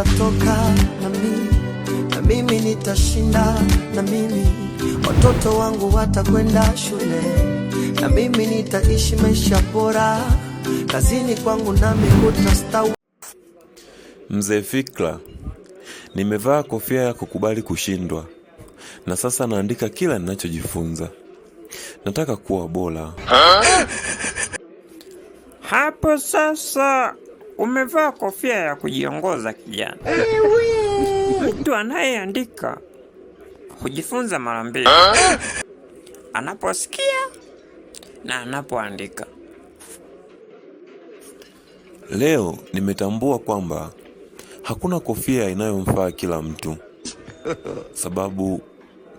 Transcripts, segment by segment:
utatoka na mimi na mimi nitashinda na mimi, watoto wangu watakwenda shule na mimi nitaishi maisha bora, kazini kwangu nami kutastawi. Mzee Fikra, nimevaa kofia ya kukubali kushindwa na sasa naandika kila ninachojifunza. Nataka kuwa bora hapo sasa Umevaa kofia ya kujiongoza kijana. Mtu anayeandika hujifunza mara mbili, anaposikia na anapoandika. Leo nimetambua kwamba hakuna kofia inayomfaa kila mtu, sababu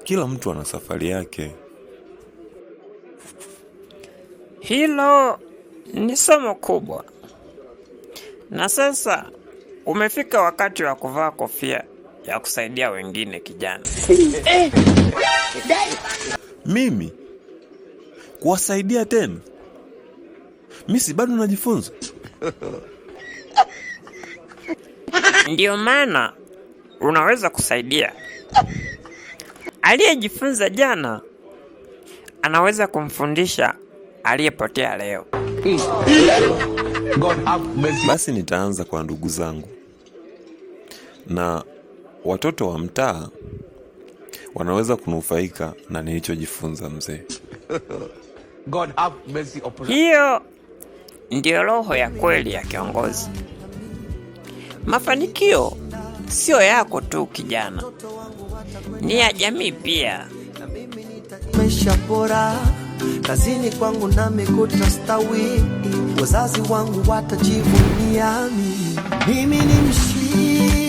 kila mtu ana safari yake. Hilo ni somo kubwa. Na sasa umefika wakati wa kuvaa kofia ya kusaidia wengine, kijana. Mimi kuwasaidia tena? Mimi si bado najifunza? ndio maana unaweza kusaidia. Aliyejifunza jana anaweza kumfundisha aliyepotea leo. Basi nitaanza kwa ndugu zangu na watoto wa mtaa wanaweza kunufaika na nilichojifunza mzee. Hiyo ndiyo roho ya kweli ya kiongozi. Mafanikio siyo yako tu kijana, ni ya jamii pia kazini kwangu namekuta stawi, wazazi wangu watajivunia mimi. Mimi ni mshindi.